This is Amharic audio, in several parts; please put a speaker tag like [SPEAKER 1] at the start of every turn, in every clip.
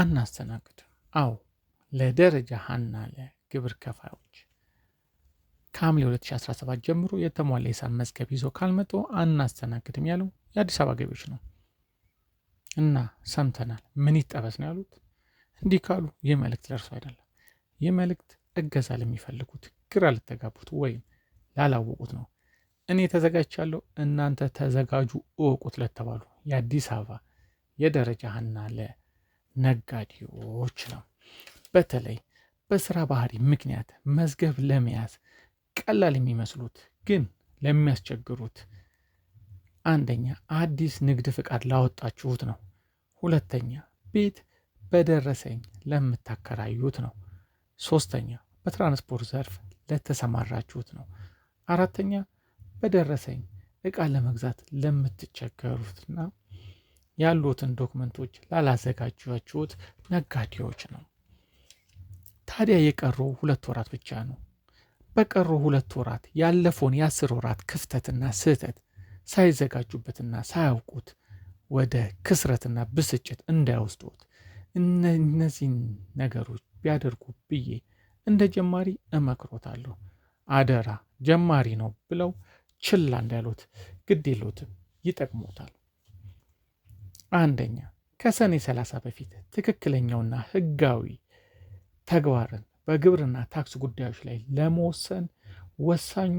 [SPEAKER 1] አናስተናግድም። አዎ ለደረጃ ሀና ለግብር ከፋዮች ከሐምሌ 2017 ጀምሮ የተሟላ የሂሳብ መዝገብ ይዞ ካልመጡ አናስተናግድም ያለው የአዲስ አበባ ገቢዎች ነው እና ሰምተናል። ምን ይጠበስ ነው ያሉት። እንዲህ ካሉ ይህ መልእክት ደርሶ አይደለም። ይህ መልእክት እገዛ ለሚፈልጉት ግራ ልተጋቡት ወይም ላላወቁት ነው። እኔ ተዘጋጅቻለሁ፣ እናንተ ተዘጋጁ፣ እወቁት ለተባሉ የአዲስ አበባ የደረጃ ሀና ለ ነጋዴዎች ነው። በተለይ በስራ ባህሪ ምክንያት መዝገብ ለመያዝ ቀላል የሚመስሉት ግን ለሚያስቸግሩት፣ አንደኛ አዲስ ንግድ ፍቃድ ላወጣችሁት ነው። ሁለተኛ ቤት በደረሰኝ ለምታከራዩት ነው። ሶስተኛ በትራንስፖርት ዘርፍ ለተሰማራችሁት ነው። አራተኛ በደረሰኝ እቃ ለመግዛት ለምትቸገሩትና ያሉትን ዶክመንቶች ላላዘጋጃችሁት ነጋዴዎች ነው። ታዲያ የቀሩ ሁለት ወራት ብቻ ነው። በቀሩ ሁለት ወራት ያለፈውን የአስር ወራት ክፍተትና ስህተት ሳይዘጋጁበትና ሳያውቁት ወደ ክስረትና ብስጭት እንዳይወስዱት እነዚህን ነገሮች ቢያደርጉ ብዬ እንደ ጀማሪ እመክሮታለሁ። አደራ ጀማሪ ነው ብለው ችላ እንዳሉት ግድ የለዎትም፣ ይጠቅሞታል። አንደኛ ከሰኔ 30 በፊት ትክክለኛውና ህጋዊ ተግባርን በግብርና ታክስ ጉዳዮች ላይ ለመወሰን ወሳኙ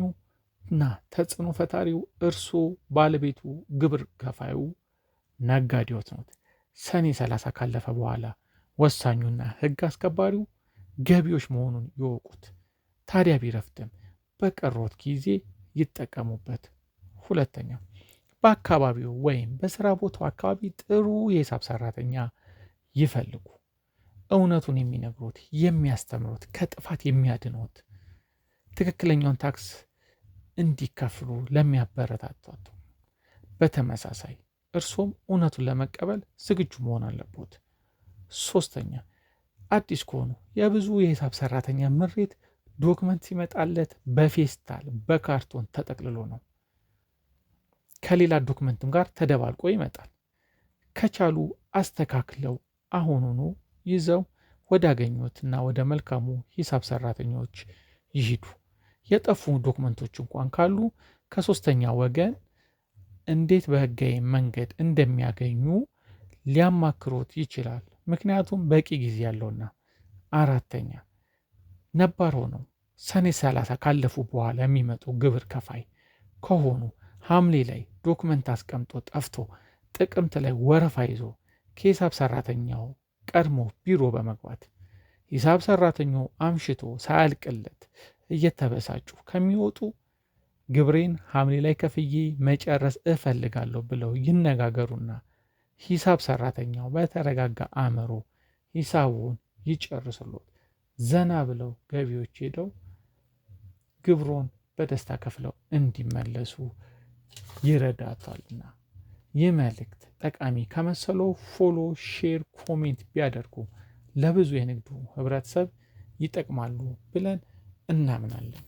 [SPEAKER 1] እና ተጽዕኖ ፈጣሪው እርስዎ፣ ባለቤቱ፣ ግብር ከፋዩ ነጋዴዎት ነው። ሰኔ 30 ካለፈ በኋላ ወሳኙና ህግ አስከባሪው ገቢዎች መሆኑን ይወቁት። ታዲያ ቢረፍድም በቀሮት ጊዜ ይጠቀሙበት። ሁለተኛው በአካባቢው ወይም በስራ ቦታው አካባቢ ጥሩ የሂሳብ ሰራተኛ ይፈልጉ። እውነቱን የሚነግሩት፣ የሚያስተምሩት፣ ከጥፋት የሚያድኑት፣ ትክክለኛውን ታክስ እንዲከፍሉ ለሚያበረታቷት። በተመሳሳይ እርሶም እውነቱን ለመቀበል ዝግጁ መሆን አለቦት። ሶስተኛ አዲስ ከሆኑ የብዙ የሂሳብ ሰራተኛ ምሬት ዶክመንት ሲመጣለት በፌስታል በካርቶን ተጠቅልሎ ነው። ከሌላ ዶክመንትም ጋር ተደባልቆ ይመጣል። ከቻሉ አስተካክለው አሁኑኑ ይዘው እና ወደ መልካሙ ሂሳብ ሰራተኞች ይሂዱ። የጠፉ ዶክመንቶች እንኳን ካሉ ከሶስተኛ ወገን እንዴት በህጋዊ መንገድ እንደሚያገኙ ሊያማክሮት ይችላል። ምክንያቱም በቂ ጊዜ ያለውና አራተኛ ነባር ሆነው ሰኔ ሰላሳ ካለፉ በኋላ የሚመጡ ግብር ከፋይ ከሆኑ ሐምሌ ላይ ዶክመንት አስቀምጦ ጠፍቶ ጥቅምት ላይ ወረፋ ይዞ ከሂሳብ ሰራተኛው ቀድሞ ቢሮ በመግባት ሂሳብ ሰራተኛው አምሽቶ ሳያልቅለት እየተበሳጩ ከሚወጡ ግብሬን ሐምሌ ላይ ከፍዬ መጨረስ እፈልጋለሁ ብለው ይነጋገሩና ሂሳብ ሰራተኛው በተረጋጋ አእምሮ ሂሳቡን ይጨርስሎት ዘና ብለው ገቢዎች ሄደው ግብሮን በደስታ ከፍለው እንዲመለሱ ይረዳታልና። ይህ መልእክት ጠቃሚ ከመሰለው ፎሎ፣ ሼር፣ ኮሜንት ቢያደርጉ ለብዙ የንግዱ ህብረተሰብ ይጠቅማሉ ብለን እናምናለን።